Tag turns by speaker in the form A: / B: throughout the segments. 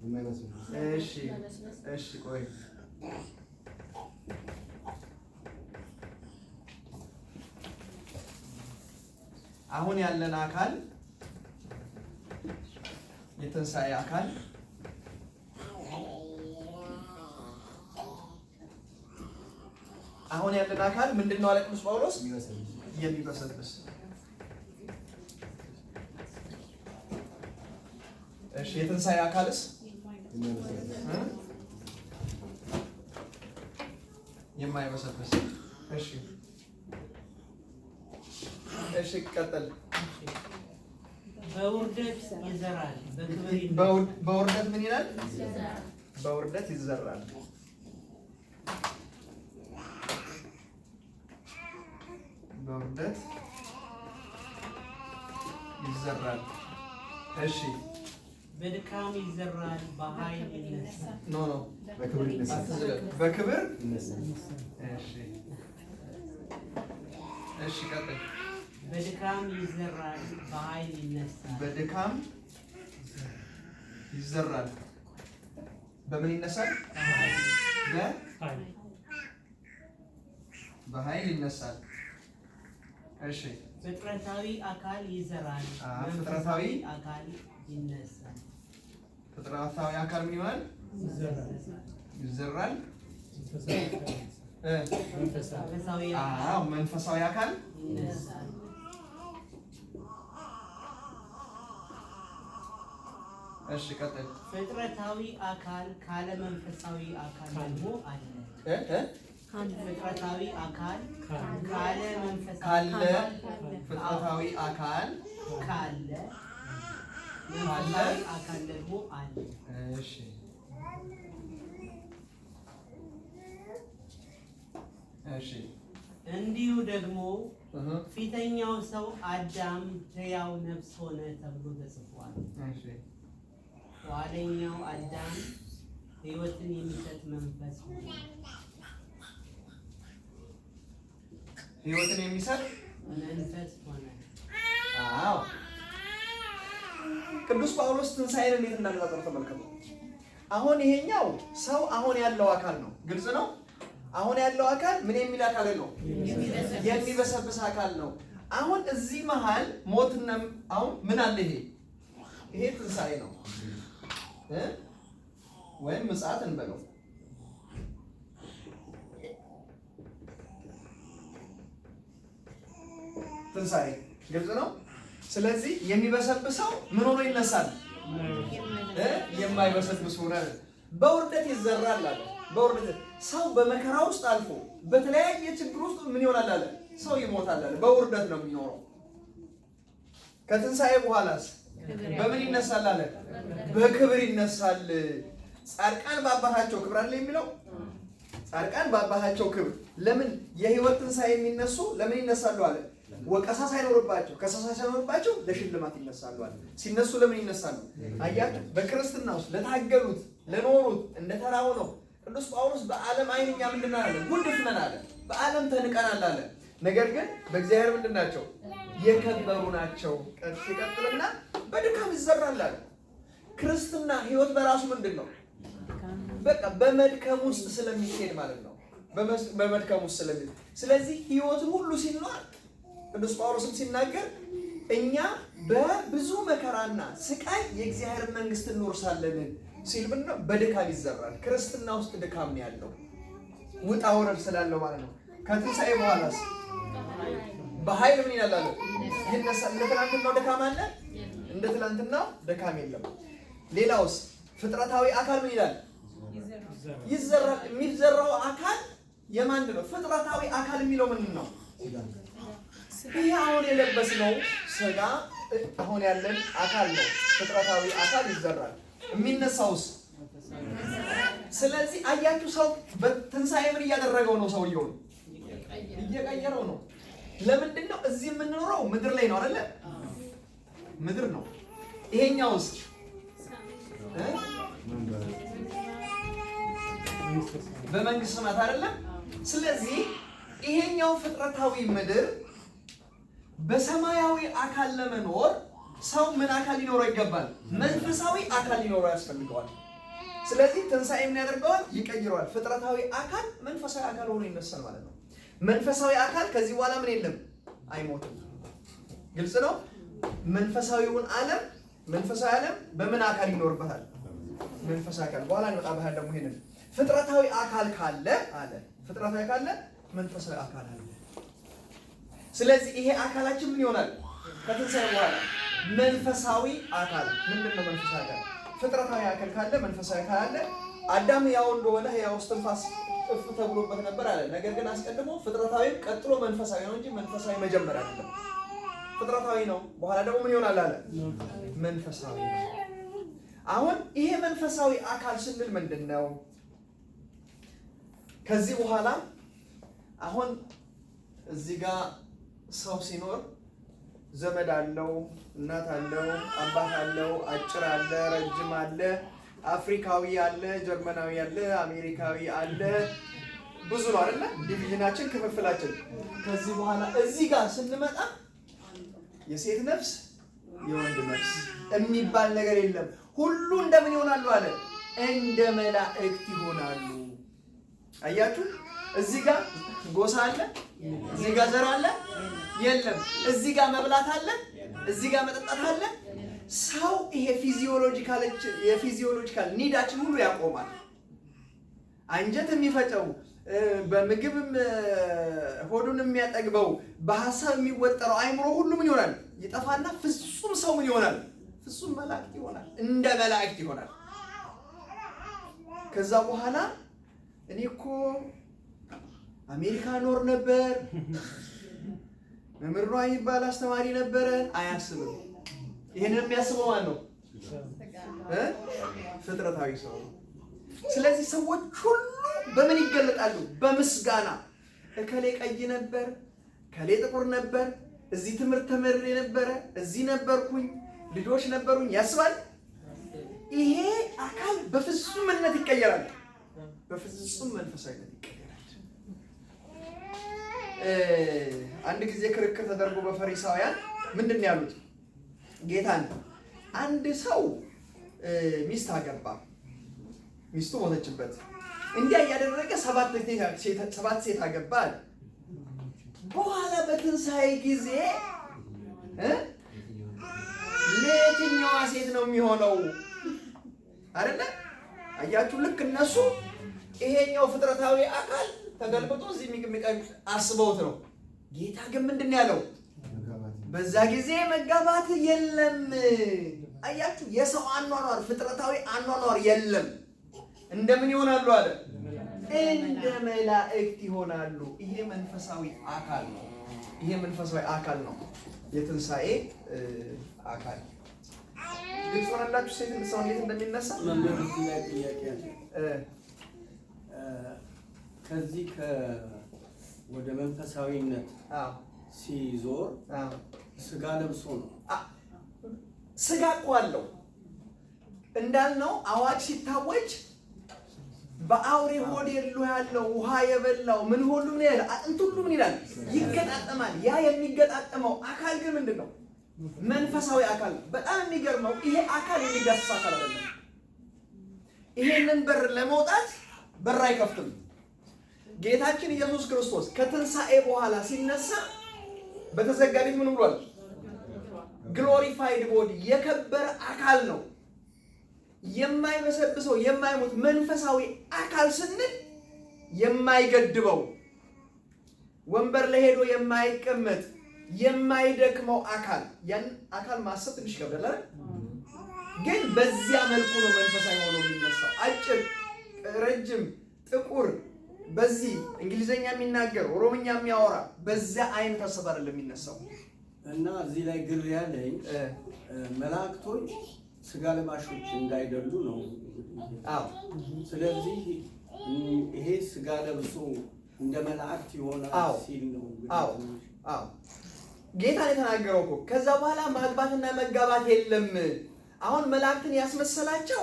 A: እሺ እሺ ቆይ አሁን ያለን አካል የትንሣኤ አካል አሁን ያለን አካል ምንድን ነው አለ ቅዱስ ጳውሎስ የሚበሰብስ እሺ የትንሣኤ አካልስ የማይበሰበስ እሺ፣ እሺ፣ ቀጠል።
B: በውርደት ይዘራል፣
A: በውርደት ምን ይላል? በውርደት ይዘራል። በውርደት ይዘራል። እሺ
B: በድካም ይዘራል፣ በኃይል ይነሳል።
A: ኖ ኖ
C: በክብር ይነሳል። በክብር እሺ፣
A: ቀጥል።
B: በድካም ይዘራል፣ በኃይል ይነሳል።
A: በድካም ይዘራል፣ በምን ይነሳል? በኃይል ይነሳል። እሺ፣
B: ፍጥረታዊ አካል ይዘራል፣ ፍጥረታዊ አካል ይነሳል።
A: ፍጥረታዊ አካል ምን ይሆናል? ይዘራል። መንፈሳዊ አካል እሺ፣ ቀጥል።
B: ፍጥረታዊ አካል ካለ መንፈሳዊ አካል ደግሞ አለ። ፍጥረታዊ አካል ካለ
A: መንፈሳዊ አካል
B: ካለ አካል ደግሞ አለ።
A: እሺ እሺ
B: እንዲሁ ደግሞ ፊተኛው ሰው አዳም ሕያው ነፍስ ሆነ ተብሎ ተጽፏል። ኋለኛው አዳም ሕይወትን የሚሰጥ መንፈስ ሆነ።
A: ሕይወትን የሚሰጥ
B: መንፈስ ሆነ።
A: አዎ ቅዱስ ጳውሎስ ትንሣኤን እንዴት እንዳነጻጸሩ ተመልከቱ። አሁን ይሄኛው ሰው አሁን ያለው አካል ነው። ግልጽ ነው። አሁን ያለው አካል ምን የሚል አካል ነው? የሚበሰብስ አካል ነው። አሁን እዚህ መሀል ሞትና አሁን ምን አለ? ይሄ ይሄ ትንሣኤ ነው ወይም ምጽአት እንበለው። ትንሣኤ ግልጽ ነው። ስለዚህ የሚበሰብሰው ምን ሆኖ ይነሳል? የማይበሰብስ ሆነ በውርደት ይዘራል አለ። በውርደት ሰው በመከራ ውስጥ አልፎ በተለያየ ችግር ውስጥ ምን ይሆናል አለ? ሰው ይሞታል አለ። በውርደት ነው የሚኖረው። ከትንሣኤ በኋላስ በምን ይነሳል አለ? በክብር ይነሳል። ጻድቃን በአባታቸው ክብር አለ የሚለው ጻድቃን በአባታቸው ክብር። ለምን የህይወት ትንሣኤ የሚነሱ ለምን ይነሳሉ አለ ወቀሳ ሳይኖርባቸው ከሰሳ ሳይኖርባቸው ለሽልማት ይነሳሉ አለ። ሲነሱ ለምን ይነሳሉ? አያችሁ፣ በክርስትና ውስጥ ለታገሉት ለኖሩት እንደ ተራው ነው። ቅዱስ ጳውሎስ በዓለም አይን እኛ ምንድን አለ? ጉድፍ ነን አለ። በዓለም ተንቀናል አለ። ነገር ግን በእግዚአብሔር ምንድን ናቸው? የከበሩ ናቸው። ቀጥ ሲቀጥልና በድካም ይዘራል አለ። ክርስትና ህይወት በራሱ ምንድን ነው? በቃ በመድከም ውስጥ ስለሚሄድ ማለት ነው። በመድከም ውስጥ ስለሚሄድ ስለዚህ ህይወትን ሁሉ ሲኖር ቅዱስ ጳውሎስም ሲናገር እኛ በብዙ መከራና ስቃይ የእግዚአብሔር መንግስት እንወርሳለን ሲል ምንድነው? በድካም ይዘራል። ክርስትና ውስጥ ድካም ነው ያለው፣ ውጣ ወረድ ስላለው ማለት ነው። ከትንሣኤ በኋላስ በኃይል ምን ይላል? ይነሳል። እንደ ትናንትናው ድካም አለ? እንደ ትናንትናው ድካም የለም። ሌላውስ ፍጥረታዊ አካል ምን ይላል? ይዘራል። የሚዘራው አካል የማንድ ነው? ፍጥረታዊ አካል የሚለው ምንድን ነው? ይህ አሁን የለበስነው ስጋ አሁን ያለን አካል ነው። ፍጥረታዊ አካል ይዘራል። የሚነሳውስ ስለዚህ አያችሁ፣ ሰው በትንሣኤ ምን እያደረገው ነው? ሰውየውን እየቀየረው ነው። ለምንድን ነው እዚህ የምንኖረው? ምድር ላይ ነው አይደለ? ምድር ነው። ይሄኛውስ በመንግስት ስመት አይደለም። ስለዚህ ይሄኛው ፍጥረታዊ ምድር በሰማያዊ አካል ለመኖር ሰው ምን አካል ሊኖረው ይገባል? መንፈሳዊ አካል ሊኖረው ያስፈልገዋል። ስለዚህ ትንሣኤ ምን ያደርገዋል? ይቀይረዋል። ፍጥረታዊ አካል መንፈሳዊ አካል ሆኖ ይነሳል ማለት ነው። መንፈሳዊ አካል ከዚህ በኋላ ምን የለም፣ አይሞትም። ግልጽ ነው። መንፈሳዊውን ዓለም መንፈሳዊ ዓለም በምን አካል ይኖርበታል? መንፈሳዊ አካል በኋላ እንወጣ ባህል ደግሞ ይሄንን ፍጥረታዊ አካል ካለ አለ ፍጥረታዊ ካለ መንፈሳዊ አካል አለ ስለዚህ ይሄ አካላችን ምን ይሆናል? ከትንሣኤ በኋላ መንፈሳዊ አካል ምንድን ነው? መንፈሳዊ አካል ፍጥረታዊ አካል ካለ መንፈሳዊ አካል አለ። አዳም ያው እንደሆነ ያው እስትንፋስ እፍ ተብሎበት ነበር አለ። ነገር ግን አስቀድሞ ፍጥረታዊ ቀጥሎ መንፈሳዊ ነው እንጂ መንፈሳዊ መጀመሪያ አይደለም። ፍጥረታዊ ነው፣ በኋላ ደግሞ ምን ይሆናል አለ መንፈሳዊ አሁን ይሄ መንፈሳዊ አካል ስንል ምንድን ነው? ከዚህ በኋላ አሁን እዚህ ጋር ሰው ሲኖር ዘመድ አለው፣ እናት አለው፣ አባት አለው፣ አጭር አለ፣ ረጅም አለ፣ አፍሪካዊ አለ፣ ጀርመናዊ አለ፣ አሜሪካዊ አለ። ብዙ ነው አይደለ? ዲቪዥናችን፣ ክፍፍላችን። ከዚህ በኋላ እዚህ ጋር ስንመጣ የሴት ነፍስ የወንድ ነፍስ የሚባል ነገር የለም። ሁሉ እንደምን ይሆናሉ አለ እንደ መላእክት ይሆናሉ። አያችሁ እዚህ ጋር ጎሳ አለ፣ እዚህ ጋር ዘር አለ የለም። እዚህ ጋር መብላት አለ፣ እዚህ ጋር መጠጣት አለ። ሰው ይሄ ፊዚዮሎጂካል የፊዚዮሎጂካል ኒዳችን ሁሉ ያቆማል። አንጀት የሚፈጨው በምግብ ሆዱን የሚያጠግበው በሀሳብ የሚወጠረው አይምሮ ሁሉ ምን ይሆናል? ይጠፋና ፍጹም ሰው ምን ይሆናል? ፍጹም መላእክት ይሆናል። እንደ መላእክት ይሆናል። ከዛ በኋላ እኔ እኮ አሜሪካ ኖር ነበር። መምህር ነው የሚባል አስተማሪ ነበረ። አያስብም። ይህንን የሚያስበው ማን ነው? ፍጥረታዊ ሰው ነው። ስለዚህ ሰዎች ሁሉ በምን ይገለጣሉ? በምስጋና እከሌ ቀይ ነበር፣ እከሌ ጥቁር ነበር፣ እዚህ ትምህርት ተምሬ ነበረ፣ እዚህ ነበርኩኝ፣ ልጆች ነበሩኝ ያስባል። ይሄ አካል በፍጹምነት ይቀየራል፣ በፍጹም መንፈሳዊ አንድ ጊዜ ክርክር ተደርጎ በፈሪሳውያን ምንድን ያሉት ጌታን አንድ ሰው ሚስት አገባ፣ ሚስቱ ሞተችበት። እንዲያ እያደረገ ሰባት ሴት አገባ አለ። በኋላ በትንሣኤ ጊዜ ለየትኛዋ ሴት ነው የሚሆነው? አይደለ? አያችሁ፣ ልክ እነሱ ይሄኛው ፍጥረታዊ አካል ተገልብጦ እዚህ የሚቀሩት አስበውት ነው። ጌታ ግን ምንድን ነው ያለው? በዛ ጊዜ መጋባት የለም። አያችሁ፣ የሰው አኗኗር ፍጥረታዊ አኗኗር የለም። እንደምን ይሆናሉ አለ እንደ መላእክት ይሆናሉ። ይሄ መንፈሳዊ አካል ነው። ይሄ መንፈሳዊ አካል ነው፣ የትንሣኤ አካል ግልጽ ሆነላችሁ። ሴት ሰው እንዴት እንደሚነሳ
C: ከዚህ ወደ መንፈሳዊነት ሲዞር ስጋ ለብሶ ነው።
A: ስጋ እኮ አለው እንዳልነው አዋጅ ሲታወጅ በአውሬ ሆድ የሉ ያለው ውሃ የበላው ምን ሁሉ ምን ያለ አጥንት ሁሉ ምን ይላል ይገጣጠማል። ያ የሚገጣጠመው አካል ግን ምንድን ነው? መንፈሳዊ አካል። በጣም የሚገርመው ይሄ አካል የሚዳስስ አካል አይደለም። ይሄንን በር ለመውጣት በር አይከፍትም። ጌታችን ኢየሱስ ክርስቶስ ከትንሣኤ በኋላ ሲነሳ በተዘጋቢ ቤት ምን ብሏል? ግሎሪፋይድ ቦዲ የከበረ አካል ነው። የማይበሰብሰው የማይሞት መንፈሳዊ አካል ስንል የማይገድበው ወንበር ላይ ሄዶ የማይቀመጥ የማይደክመው አካል ያን አካል ማሰብ ትንሽ ይከብዳል። ግን በዚያ መልኩ ነው መንፈሳዊ ሆኖ የሚነሳው። አጭር፣ ረጅም፣ ጥቁር በዚህ እንግሊዘኛ የሚናገር ኦሮምኛ የሚያወራ በዛ አይን ታሰብ አይደለም የሚነሳው።
C: እና እዚህ ላይ ግር ያለኝ መላእክቶች ስጋ ለባሾች እንዳይደሉ ነው። አዎ። ስለዚህ ይሄ ስጋ ለብሶ እንደ መላእክት የሆነ
A: ሲል ነው። አዎ፣ አዎ። ጌታ የተናገረው እኮ ከዛ በኋላ ማግባትና መጋባት የለም። አሁን መላእክትን ያስመሰላቸው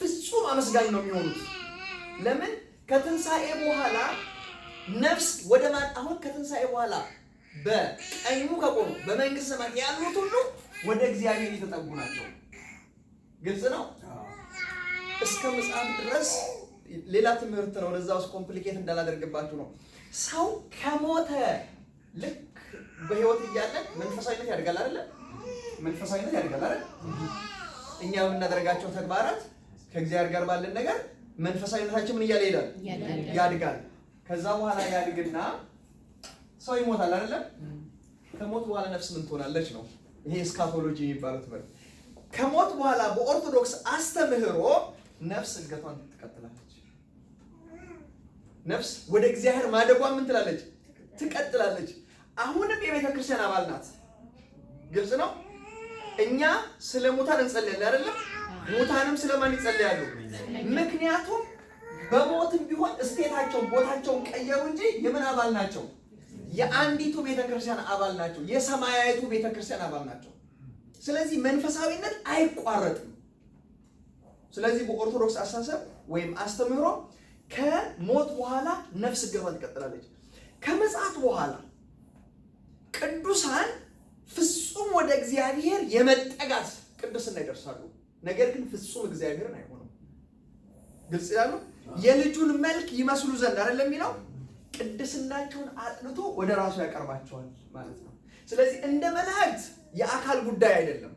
A: ፍጹም አመስጋኝ ነው የሚሆኑት ለምን ከትንሣኤ በኋላ ነፍስ ወደ ማን? አሁን ከትንሣኤ በኋላ በቀኙ ከቆሙ በመንግስት ሰማያት ያሉት ሁሉ ወደ እግዚአብሔር የተጠጉ ናቸው። ግልጽ ነው። እስከ መጽሐፍ ድረስ ሌላ ትምህርት ነው። ለዛ ውስጥ ኮምፕሊኬት እንዳላደርግባችሁ ነው። ሰው ከሞተ ልክ በህይወት እያለ መንፈሳዊነት ያድጋል አይደለ? መንፈሳዊነት ያድጋል አይደል? እኛ የምናደርጋቸው ተግባራት ከእግዚአብሔር ጋር ባለን ነገር መንፈሳዊነታችን ምን እያለ ይሄዳል? ያድጋል። ከዛ በኋላ ያድግና ሰው ይሞታል አይደለም? ከሞት በኋላ ነፍስ ምን ትሆናለች ነው። ይሄ እስካቶሎጂ የሚባለው ትምህርት። ከሞት በኋላ በኦርቶዶክስ አስተምህሮ ነፍስ እድገቷን ትቀጥላለች። ነፍስ ወደ እግዚአብሔር ማደጓ ምን ትላለች? ትቀጥላለች። አሁንም የቤተ ክርስቲያን አባል ናት። ግልጽ ነው። እኛ ስለ ሙታን እንጸልያለን አይደለም? ሙታንም ስለማን ይጸልያሉ? ምክንያቱም በሞትም ቢሆን እስቴታቸውን ቦታቸውን ቀየሩ እንጂ የምን አባል ናቸው? የአንዲቱ ቤተክርስቲያን አባል ናቸው። የሰማያዊቱ ቤተክርስቲያን አባል ናቸው። ስለዚህ መንፈሳዊነት አይቋረጥም። ስለዚህ በኦርቶዶክስ አስተሳሰብ ወይም አስተምህሮ ከሞት በኋላ ነፍስ ገባ ትቀጥላለች። ከመጽሐት በኋላ ቅዱሳን ፍጹም ወደ እግዚአብሔር የመጠጋት ቅድስና ይደርሳሉ። ነገር ግን ፍጹም እግዚአብሔርን አይሆንም። ግልጽ ያሉ የልጁን መልክ ይመስሉ ዘንድ አይደለም የሚለው ቅድስናቸውን አጥንቶ ወደ ራሱ ያቀርባቸዋል ማለት ነው። ስለዚህ እንደ መላእክት የአካል ጉዳይ አይደለም፣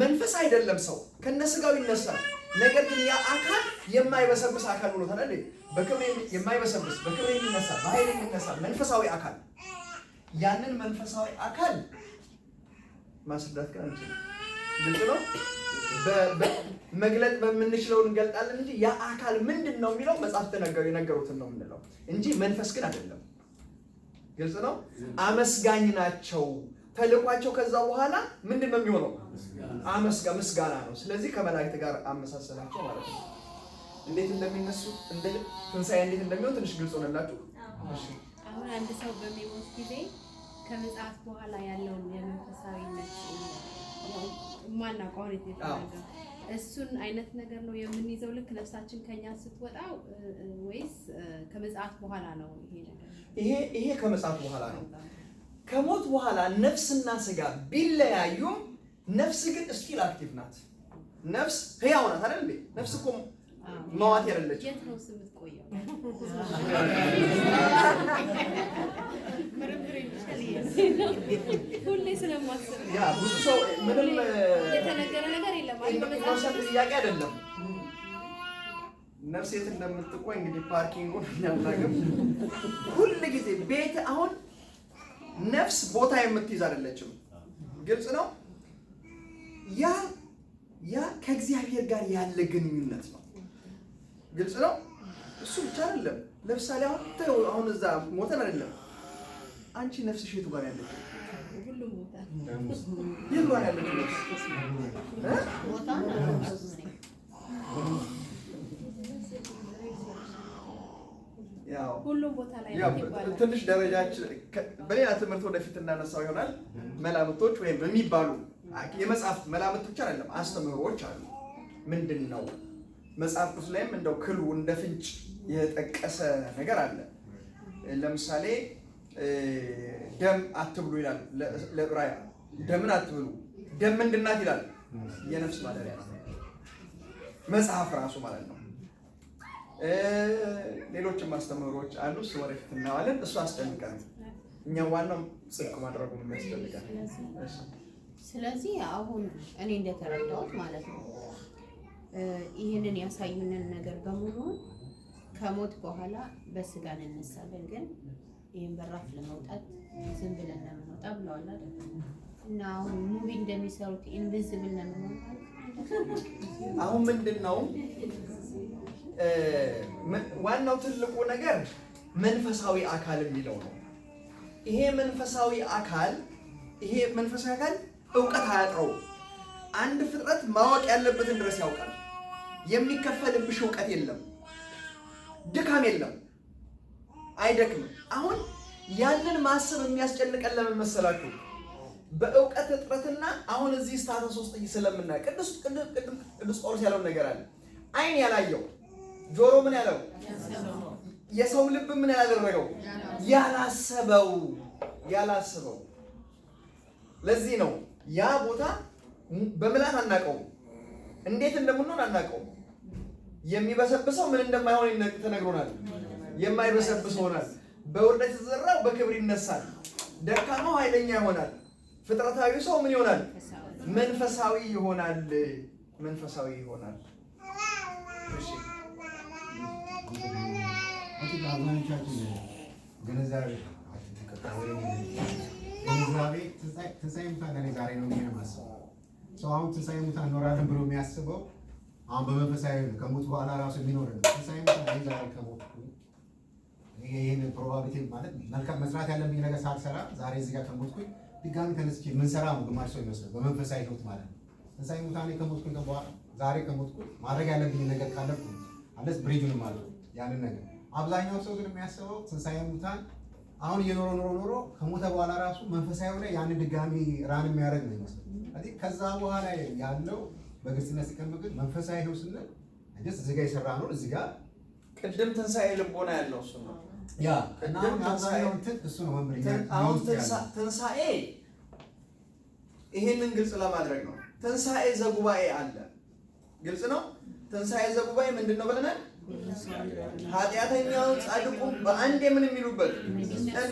A: መንፈስ አይደለም። ሰው ከነ ስጋው ይነሳል። ነገር ግን ያ አካል የማይበሰብስ አካል ሆኖ ታዲያ በክብር የማይበሰብስ በክብር የሚነሳ በኃይል የሚነሳ መንፈሳዊ አካል ያንን መንፈሳዊ አካል ማስረዳት ግን ግልጽ ነው። መግለጥ በምንችለው እንገልጣለን እንጂ ያ አካል ምንድን ነው የሚለው መጽሐፍት የነገሩትን ነው የምንለው እንጂ መንፈስ ግን አይደለም። ግልጽ ነው። አመስጋኝ ናቸው። ተልኳቸው ከዛ በኋላ ምንድን ነው የሚሆነው? ምስጋና ነው። ስለዚህ ከመላእክት ጋር አመሳሰላቸው ማለት ነው። እንዴት እንደሚነሱ እንደ ትንሣኤ እንዴት እንደሚሆን ትንሽ ግልጽ ሆነላችሁ።
B: አሁን አንድ ሰው በሚሞት ጊዜ ከመጽሐፍ በኋላ ያለውን የመንፈሳዊነት ማናውቀው አሁን የተደረገው እሱን አይነት ነገር ነው የምንይዘው። ልክ ነፍሳችን ከኛ ስትወጣ ወይስ ከመጽአት በኋላ ነው? ይሄ
A: ይሄ ይሄ ከመጽአት በኋላ ነው። ከሞት በኋላ ነፍስና ስጋ ቢለያዩም ነፍስ ግን ስቲል አክቲቭ ናት። ነፍስ ህያው ናት አይደል እንዴ? ነፍስ እኮ መዋት ያለች
B: የት ነው ስምትቆየው? ሁሌ ስለማስብ
A: ብዙ ሰው ምንም
B: የተነገረ ነገር የለም።
A: ጥያቄ አይደለም። ነፍስ የት እንደምትቆይ እንግዲህ ፓርኪንጉን የሚያናግም ሁል ጊዜ ቤት አሁን ነፍስ ቦታ የምትይዝ አይደለችም። ግልጽ ነው። ያ ያ ከእግዚአብሔር ጋር ያለ ግንኙነት ነው። ግልጽ ነው። እሱ ብቻ አይደለም። ለምሳሌ አሁን አሁን እዛ ሞተን አይደለም አንቺ ነፍስሽ የቱ ጋር ያለች? የቱ ጋር ያለች ነፍስ? ትንሽ ደረጃችን በሌላ ትምህርት ወደፊት እናነሳው ይሆናል። መላምቶች ወይም የሚባሉ የመጽሐፍ መላምቶች አይደለም፣ አስተምህሮዎች አሉ። ምንድን ነው መጽሐፍ ቅዱስ ላይም እንደው ክሉ እንደ ፍንጭ የጠቀሰ ነገር አለ። ለምሳሌ ደም አትብሉ ይላል። ለዕብራያ ደምን አትብሉ። ደም ምንድን ናት ይላል? የነፍስ ማደሪያ መጽሐፍ ራሱ ማለት ነው። ሌሎችም አስተምህሮች አሉ። እሱ ወደፊት እናዋለን። እሱ አስጨንቀን እኛ ዋናው ጽድቅ ማድረጉ የሚያስጨንቀን።
B: ስለዚህ አሁን እኔ እንደተረዳሁት ማለት ነው ይህንን ያሳዩንን ነገር በሙሉ ከሞት በኋላ በስጋ እንነሳለን ግን ይህን በራፍ ለመውጣት ዝም ብለን ለምንወጣ ብለዋል አይደል? እና አሁን ሙቪ እንደሚሰሩት ኢንቪዝብል ለምንወጣ
A: አሁን ምንድን ነው ዋናው ትልቁ ነገር መንፈሳዊ አካል የሚለው ነው። ይሄ መንፈሳዊ አካል ይሄ መንፈሳዊ አካል እውቀት አያጥረው። አንድ ፍጥረት ማወቅ ያለበትን ድረስ ያውቃል። የሚከፈልብሽ እውቀት የለም፣ ድካም የለም፣ አይደክምም። አሁን ያንን ማሰብ የሚያስጨንቀን ለምን መሰላችሁ? በእውቀት እጥረትና አሁን እዚህ ስታተስ ውስጥ ስለምና ቅዱስ ቅዱስ ጳውሎስ ያለውን ነገር አለ። አይን ያላየው ጆሮ ምን ያለው የሰው ልብ ምን ያላደረገው ያላሰበው ያላሰበው። ለዚህ ነው ያ ቦታ በምላት አናቀው? እንዴት እንደምንሆን አናቀው? የሚበሰብሰው ምን እንደማይሆን ተነግሮናል። የማይበሰብስ ሆናል። በውርደት የተዘራው በክብር ይነሳል። ደካማው ኃይለኛ ይሆናል። ፍጥረታዊ ሰው ምን ይሆናል? መንፈሳዊ ይሆናል። መንፈሳዊ ይሆናል።
C: አብዛኞቻችን ግንዛቤ ዛሬ ነው ብዬ ነው ሰው አሁን ትንሣኤ ሙታን እንኖራለን ብሎ የሚያስበው አሁን በመንፈሳዊ ከሞት በኋላ ራሱ የሚኖር ነው። ትንሣኤ ሙታን ዛሬ ከሞት ይሄን ፕሮባቢቲ ማለት መልካም መስራት ያለብኝ ነገር ሳልሰራ ዛሬ እዚህ ጋር ከሞትኩኝ ድጋሚ ተነስቼ የምንሰራ ነው ግማሽ ሰው ይመስላል። በመንፈሳዊ ህይወት ማለት ነው። እዛይ ሙታኔ ከሞትኩኝ ዛሬ ከሞትኩኝ ማድረግ ያለብኝ ነገር ካለብኩ አለስ ብሪጅን ማለ ያንን ነገር አብዛኛው ሰው ግን የሚያስበው ትንሳኤ ሙታን አሁን እየኖረ ኖሮ ኖሮ ከሞተ በኋላ ራሱ መንፈሳዊ ሆነ ያን ድጋሚ ራን የሚያደርግ ነው ይመስላል። ስለዚህ ከዛ በኋላ ያለው በግልጽነት ሲቀመጥ መንፈሳዊ ህይወት ስንል እዚህ ጋር የሰራ ነው እዚጋ
A: ቅድም ትንሳኤ ልቦና ያለው እሱ ነው
C: ትንሣኤ
A: ይህንን ግልጽ ለማድረግ ነው። ትንሣኤ ዘጉባኤ አለ። ግልጽ ነው። ትንሣኤ ዘጉባኤ ምንድን ነው ብለናል? ኃጢአተኛውን ጻድቁ በአንድ የምን የሚሉበት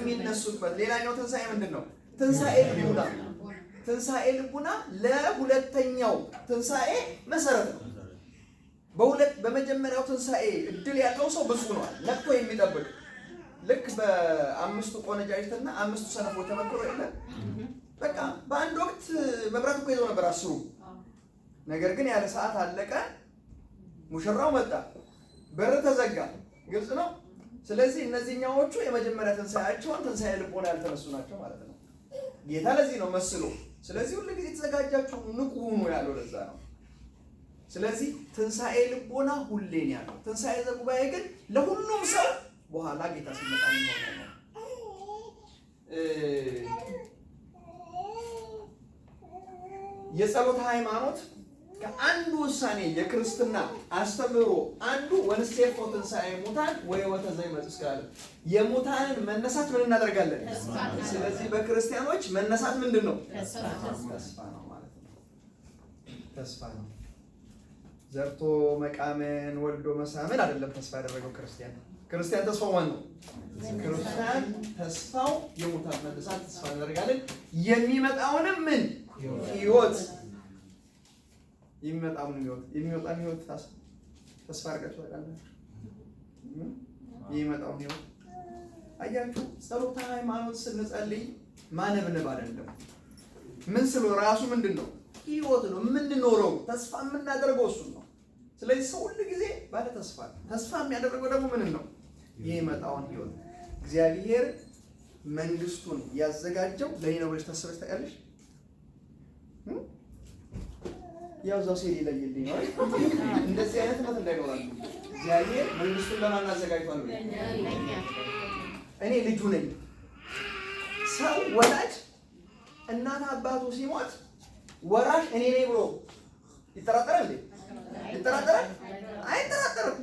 A: የሚነሱበት። ሌላኛው ትንሣኤ ምንድን ነው? ትንሣኤ ልቡና። ትንሣኤ ልቡና ለሁለተኛው ትንሣኤ መሰረት ነው። በሁለት በመጀመሪያው ትንሣኤ እድል ያለው ሰው ብዙ ነዋል ነቅቶ የሚጠብቅ ልክ በአምስቱ ቆነጃጅትና አምስቱ ሰነፎች ተመክሮ የለ በቃ በአንድ ወቅት መብራት እኮ ይዘው ነበር አስሩ። ነገር ግን ያለ ሰዓት አለቀ። ሙሽራው መጣ፣ በር ተዘጋ። ግልጽ ነው። ስለዚህ እነዚህኛዎቹ የመጀመሪያ ትንሣኤያቸውን ትንሳኤ ልቦና ያልተነሱ ናቸው ማለት ነው። ጌታ ለዚህ ነው መስሎ። ስለዚህ ሁሉ ጊዜ የተዘጋጃችሁ ንቁ ሁኑ ያለው ለዛ ነው። ስለዚህ ትንሣኤ ልቦና ሁሌን ያለው ትንሣኤ ዘጉባኤ ግን ለሁሉም ሰው በኋላ ጌታ ሲመጣ ይሆናል። የጸሎት ሃይማኖት ከአንዱ ውሳኔ የክርስትና አስተምህሮ አንዱ ወንሴፎ ትንሣኤ ሙታን ወሕይወተ ዘይመጽእ ካለ የሙታንን መነሳት ምን እናደርጋለን? ስለዚህ በክርስቲያኖች መነሳት ምንድን ነው?
C: ተስፋ ነው ማለት ነው። ተስፋ ነው። ዘርቶ መቃመን ወልዶ መሳመን አይደለም። ተስፋ ያደረገው ክርስቲያን ክርስቲያን ተስፋው ማን ነው?
A: ክርስቲያን ተስፋው የሙታን መነሳት ተስፋ እናደርጋለን። የሚመጣውንም ምን ህይወት የሚመጣውን ህይወት የሚመጣውን ህይወት ተስፋ አድርጋችሁ ታውቃላችሁ? የሚመጣውን ህይወት አያችሁ። ጸሎተ ሃይማኖት ስንጸልይ ማነብነብ አይደለም። ምን ስለ ራሱ ምንድን ነው ህይወት ነው የምንኖረው። ተስፋ የምናደርገው እሱን ነው። ስለዚህ ሰው ሁሉ ጊዜ ባለ ተስፋ ተስፋ የሚያደርገው ደግሞ ምን ነው የመጣውን ህይወት እግዚአብሔር መንግስቱን ያዘጋጀው ለኔ ነው ብለሽ ታስበሽ ታውቂያለሽ? ያው እዛው ሲሄድ ይለይልኝ ነው። እንደዚህ አይነት ነው እንዳይኖራሉ እግዚአብሔር መንግስቱን ለማን አዘጋጅቷል? እኔ ልጁ ነኝ። ሰው ወላጅ እናት አባቱ ሲሞት ወራሽ እኔ ነኝ ብሎ ይጠራጠራል? ይጠራጠራል? አይጠራጠርም።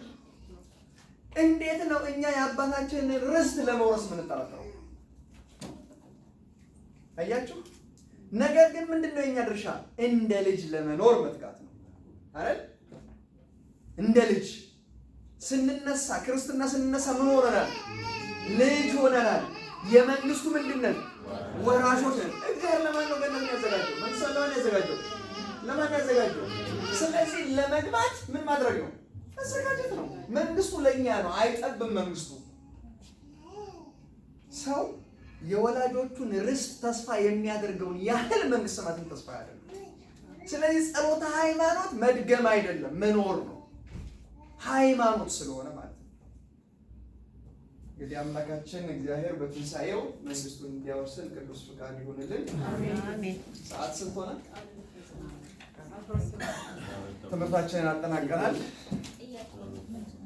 A: እንዴት ነው እኛ የአባታችንን ርስት ለመውረስ የምንጠረጥረው? አያችሁ። ነገር ግን ምንድን ነው የኛ ድርሻ? እንደ ልጅ ለመኖር መትጋት ነው አይደል? እንደ ልጅ ስንነሳ፣ ክርስትና ስንነሳ ምን ሆነናል? ልጅ ሆነናል። የመንግስቱ ምንድን ነን? ወራሾች ነን። እግዚአብሔር ለማን ነው ገነት ያዘጋጀው? መንግስት ለማን ያዘጋጀው? ለማን ያዘጋጀው? ስለዚህ ለመግባት ምን ማድረግ ነው መዘጋጀት ነው። መንግስቱ ለእኛ ነው፣ አይጠብም መንግስቱ። ሰው የወላጆቹን ርስት ተስፋ የሚያደርገውን ያህል መንግስት ሰማያትን ተስፋ ያደርግ። ስለዚህ ጸሎተ ሃይማኖት መድገም አይደለም መኖር ነው፣ ሃይማኖት ስለሆነ ማለት ነው። እንግዲህ አምላካችን እግዚአብሔር በትንሣኤው መንግስቱን እንዲያወርስን ቅዱስ ፍቃድ ይሁንልን። ሰዓት ስንት ሆነ? ትምህርታችንን አጠናቀናል። 嗯。